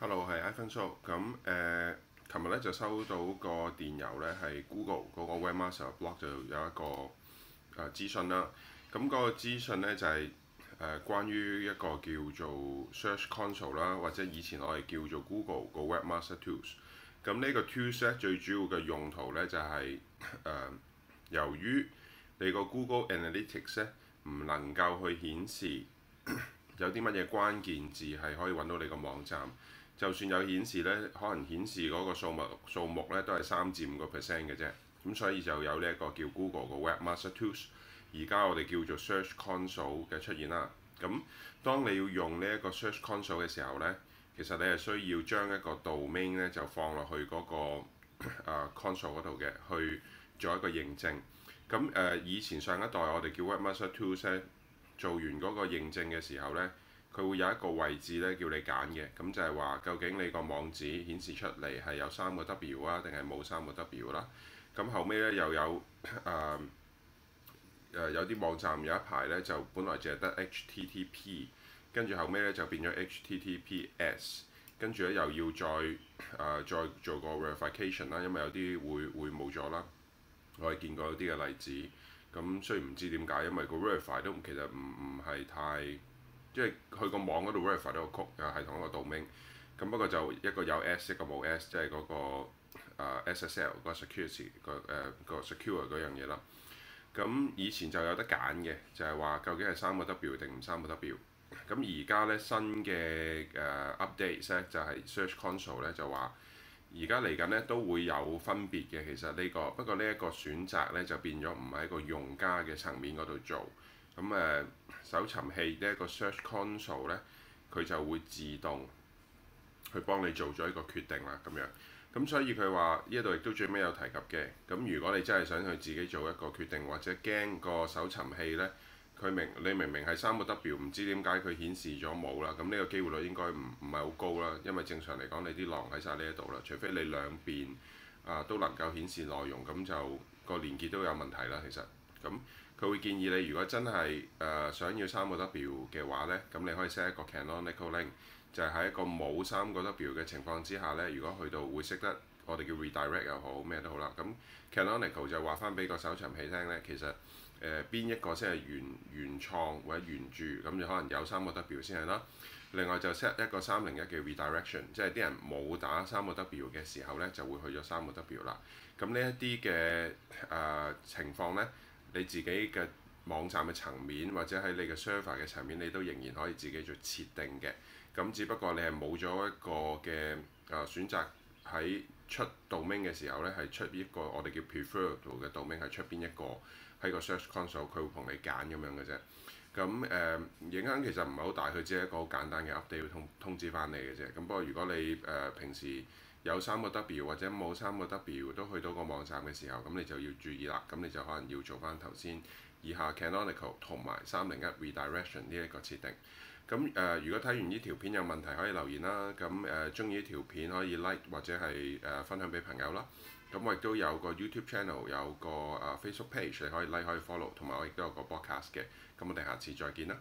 Hello，係 iPhone s h 咁誒，琴日咧就收到個電郵咧，係 Google 嗰個 Webmaster Blog 就有一個誒資訊啦。咁、呃、嗰、那個資訊咧就係、是、誒、呃、關於一個叫做 Search Console 啦，或者以前我哋叫做 Google 個 Webmaster Tools。咁呢個 Tools 咧最主要嘅用途咧就係、是、誒、呃，由於你個 Google Analytics 咧唔能夠去顯示 有啲乜嘢關鍵字係可以揾到你個網站。就算有顯示咧，可能顯示嗰個數目數目咧都係三至五個 percent 嘅啫。咁所以就有呢一個叫 Google 嘅 Webmaster Tools，而家我哋叫做 Search Console 嘅出現啦。咁當你要用呢一個 Search Console 嘅時候咧，其實你係需要將一個 domain 咧就放落去嗰個、啊、Console 嗰度嘅，去做一個認證。咁誒、呃、以前上一代我哋叫 Webmaster Tools 咧，做完嗰個認證嘅時候咧。佢會有一個位置咧，叫你揀嘅，咁就係話究竟你個網址顯示出嚟係有三個 W 啊，定係冇三個 W 啦、啊？咁後尾咧又有誒誒、呃、有啲網站有一排咧就本來淨係得 HTTP，跟住後尾咧就變咗 HTTPS，跟住咧又要再誒、呃、再做個 verification 啦，因為有啲會會冇咗啦。我哋見過有啲嘅例子，咁雖然唔知點解，因為個 verify 都其實唔唔係太。即係去個網嗰度 verify 咗個曲又係同一個 domain，咁不過就一個有 S 一個冇 S，即係嗰、嗰個、uh, SSL 嗰個 security、uh, 個誒個 secure 嗰樣嘢啦。咁以前就有得揀嘅，就係、係、話究竟係三個 W 定唔三個 W。咁而家呢，新嘅誒 update 咧就係、係、Search Console 咧就話，而家嚟緊呢都會有分別嘅。其實呢、呢個不過呢一個選擇呢，就變咗唔係一個用家嘅層面嗰度做。咁誒，啊、搜尋器呢一個 Search Console 咧，佢就會自動去幫你做咗一個決定啦，咁樣。咁所以佢話呢度亦都最尾有提及嘅。咁如果你真係想去自己做一個決定，或者驚個搜尋器咧，佢明你明明係三個 W，唔知點解佢顯示咗冇啦？咁呢個機會率應該唔唔係好高啦，因為正常嚟講你啲狼喺晒呢一度啦，除非你兩邊啊都能夠顯示內容，咁就、這個連結都有問題啦，其實咁。佢會建議你，如果真係誒、呃、想要三個 W 嘅話呢，咁你可以 set 一個 Canonical Link，就係喺一個冇三個 W 嘅情況之下呢。如果去到會識得我哋叫 Redirect 又好咩都好啦，咁 Canonical 就話翻俾個搜尋器聽呢，其實誒邊、呃、一個先係原原創或者原著，咁就可能有三個 W 先係啦。另外就 set 一個三零一嘅 Redirection，即係啲人冇打三個 W 嘅時候呢，就會去咗三個 W 啦。咁呢一啲嘅誒情況呢。你自己嘅網站嘅層面，或者喺你嘅 server 嘅層面，你都仍然可以自己做設定嘅。咁只不過你係冇咗一個嘅啊、呃、選擇喺出 d 名嘅時候呢，係出一個我哋叫 p r e f e r b l e 嘅 d 名，m 出邊一個喺個 search console，佢會同你揀咁樣嘅啫。咁誒、呃、影響其實唔係好大，佢只係一個簡單嘅 update 通通知翻你嘅啫。咁不過如果你誒、呃、平時，有三個 W 或者冇三個 W 都去到個網站嘅時候，咁你就要注意啦。咁你就可能要做翻頭先以下 Canonical 同埋三零一 Redirection 呢一個設定。咁誒、呃，如果睇完呢條片有問題可以留言啦。咁誒，中意呢條片可以 Like 或者係誒、呃、分享俾朋友啦。咁我亦都有個 YouTube Channel，有個誒 Facebook Page，你可以 Like 可以 Follow，同埋我亦都有個 Podcast 嘅。咁我哋下次再見啦。